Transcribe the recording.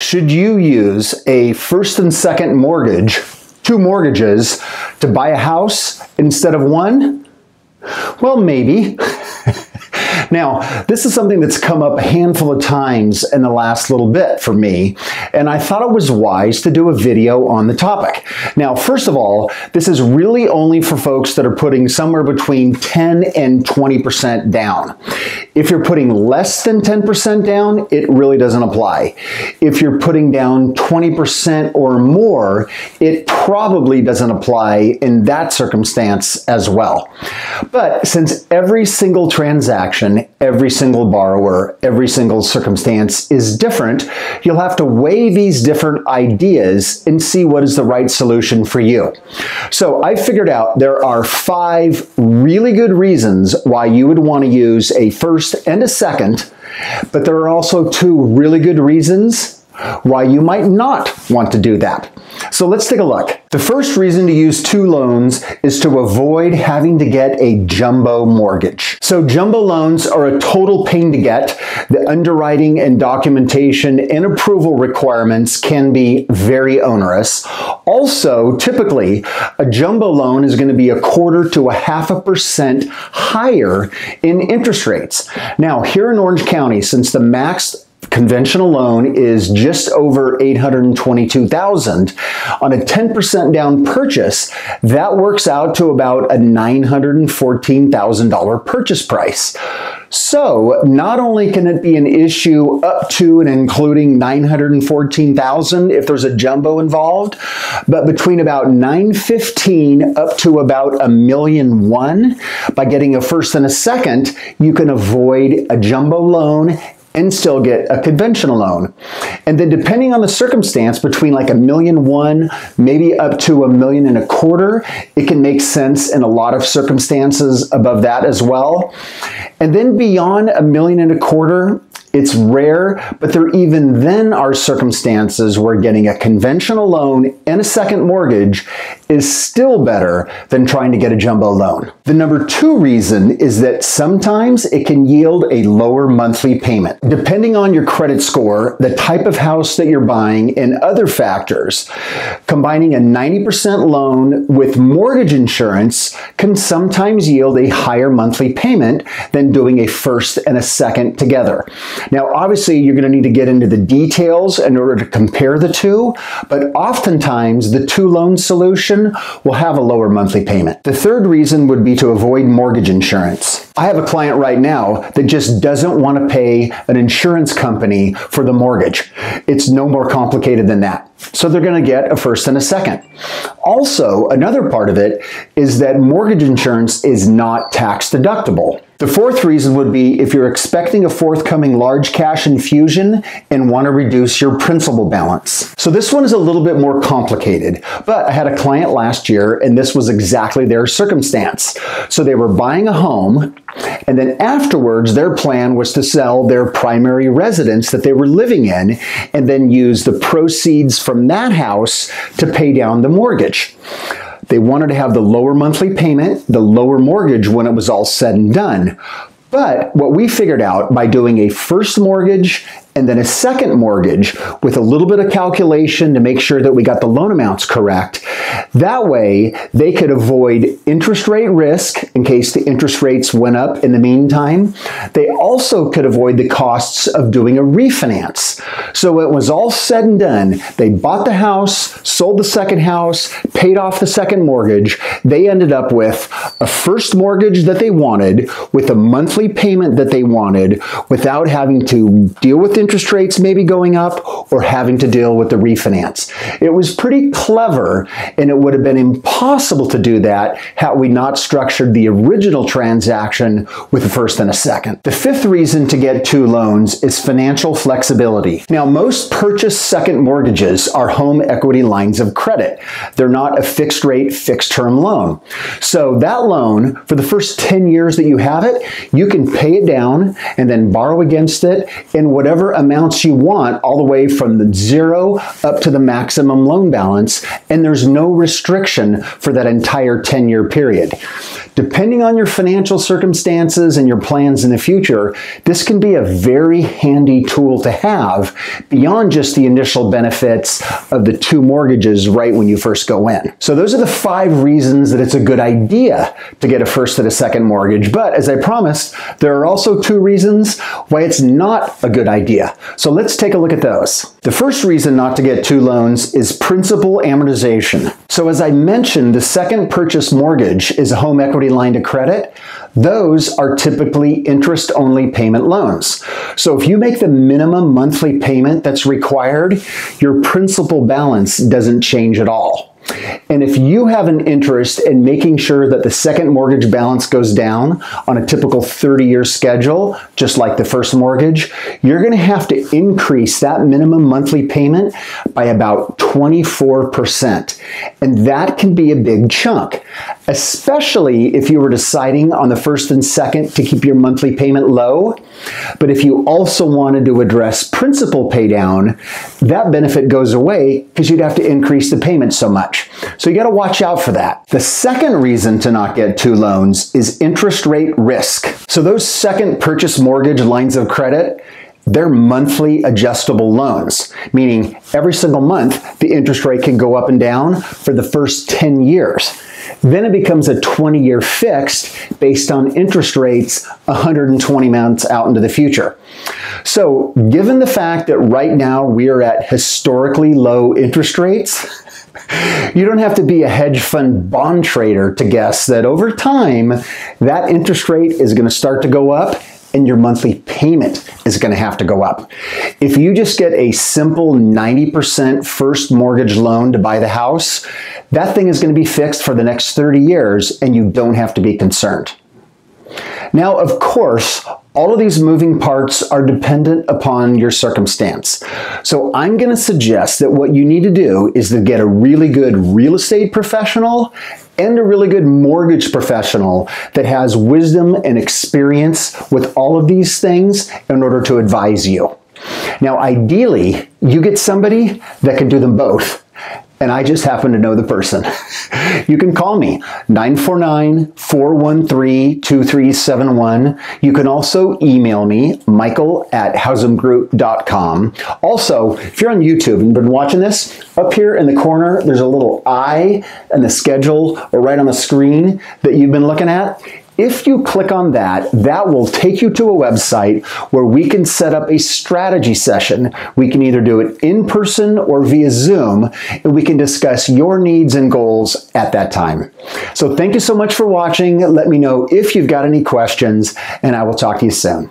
Should you use a first and second mortgage, two mortgages, to buy a house instead of one? Well, maybe. Now, this is something that's come up a handful of times in the last little bit for me, and I thought it was wise to do a video on the topic. Now, first of all, this is really only for folks that are putting somewhere between 10 and 20% down. If you're putting less than 10% down, it really doesn't apply. If you're putting down 20% or more, it probably doesn't apply in that circumstance as well. But since every single transaction every single borrower, every single circumstance is different. You'll have to weigh these different ideas and see what is the right solution for you. So I figured out there are five really good reasons why you would want to use a first and a second, but there are also two really good reasons why you might not want to do that. So let's take a look. The first reason to use two loans is to avoid having to get a jumbo mortgage. So jumbo loans are a total pain to get. The underwriting and documentation and approval requirements can be very onerous. Also, typically, a jumbo loan is going to be a quarter to a half a percent higher in interest rates. Now, here in Orange County, since the max conventional loan is just over 822,000 on a 10% down purchase that works out to about a $914,000 purchase price so not only can it be an issue up to and including 914,000 if there's a jumbo involved but between about 915 up to about a million one by getting a first and a second you can avoid a jumbo loan and still get a conventional loan. And then depending on the circumstance, between like a million one, maybe up to a million and a quarter, it can make sense in a lot of circumstances above that as well. And then beyond a million and a quarter, it's rare, but there even then are circumstances where getting a conventional loan and a second mortgage is still better than trying to get a jumbo loan. The number two reason is that sometimes it can yield a lower monthly payment. Depending on your credit score, the type of house that you're buying, and other factors, combining a 90% loan with mortgage insurance can sometimes yield a higher monthly payment than doing a first and a second together. Now, obviously, you're going to need to get into the details in order to compare the two, but oftentimes the two loan solution will have a lower monthly payment. The third reason would be to avoid mortgage insurance. I have a client right now that just doesn't want to pay an insurance company for the mortgage. It's no more complicated than that. So they're going to get a first and a second. Also, another part of it is that mortgage insurance is not tax deductible. The fourth reason would be if you're expecting a forthcoming large cash infusion and want to reduce your principal balance. So this one is a little bit more complicated, but I had a client last year and this was exactly their circumstance. So they were buying a home and then afterwards, their plan was to sell their primary residence that they were living in and then use the proceeds from that house to pay down the mortgage. They wanted to have the lower monthly payment, the lower mortgage when it was all said and done. But what we figured out by doing a first mortgage and then a second mortgage with a little bit of calculation to make sure that we got the loan amounts correct that way, they could avoid interest rate risk in case the interest rates went up in the meantime. They also could avoid the costs of doing a refinance. So it was all said and done, they bought the house, sold the second house, paid off the second mortgage. They ended up with a first mortgage that they wanted, with a monthly payment that they wanted, without having to deal with interest rates maybe going up or having to deal with the refinance. It was pretty clever and it would have been impossible to do that had we not structured the original transaction with a first and a second. The fifth reason to get two loans is financial flexibility. Now, most purchase second mortgages are home equity lines of credit. They're not a fixed rate, fixed term loan. So that loan, for the first 10 years that you have it, you can pay it down and then borrow against it in whatever amounts you want, all the way from the zero up to the maximum loan balance. And there's no restriction for that entire 10 year period. Depending on your financial circumstances and your plans in the future, this can be a very handy tool to have beyond just the initial benefits of the two mortgages right when you first go in. So those are the five reasons that it's a good idea to get a first and a second mortgage. But as I promised, there are also two reasons why it's not a good idea. So let's take a look at those. The first reason not to get two loans is principal amortization. So as I mentioned, the second purchase mortgage is a home equity line of credit. Those are typically interest-only payment loans. So if you make the minimum monthly payment that's required, your principal balance doesn't change at all. And if you have an interest in making sure that the second mortgage balance goes down on a typical 30 year schedule, just like the first mortgage, you're going to have to increase that minimum monthly payment by about 24%. And that can be a big chunk, especially if you were deciding on the first and second to keep your monthly payment low. But if you also wanted to address principal paydown, that benefit goes away because you'd have to increase the payment so much much. So you got to watch out for that. The second reason to not get two loans is interest rate risk. So those second purchase mortgage lines of credit, they're monthly adjustable loans, meaning every single month the interest rate can go up and down for the first 10 years. Then it becomes a 20 year fixed based on interest rates 120 months out into the future. So, given the fact that right now we are at historically low interest rates, you don't have to be a hedge fund bond trader to guess that over time, that interest rate is going to start to go up and your monthly payment is going to have to go up. If you just get a simple 90% first mortgage loan to buy the house, that thing is going to be fixed for the next 30 years and you don't have to be concerned. Now, of course, all of these moving parts are dependent upon your circumstance. So I'm going to suggest that what you need to do is to get a really good real estate professional and a really good mortgage professional that has wisdom and experience with all of these things in order to advise you. Now, ideally, you get somebody that can do them both and I just happen to know the person. you can call me 949-413-2371. You can also email me michael at housemgroup.com. Also, if you're on YouTube and you've been watching this, up here in the corner, there's a little eye and the schedule or right on the screen that you've been looking at. If you click on that, that will take you to a website where we can set up a strategy session. We can either do it in person or via Zoom, and we can discuss your needs and goals at that time. So thank you so much for watching. Let me know if you've got any questions, and I will talk to you soon.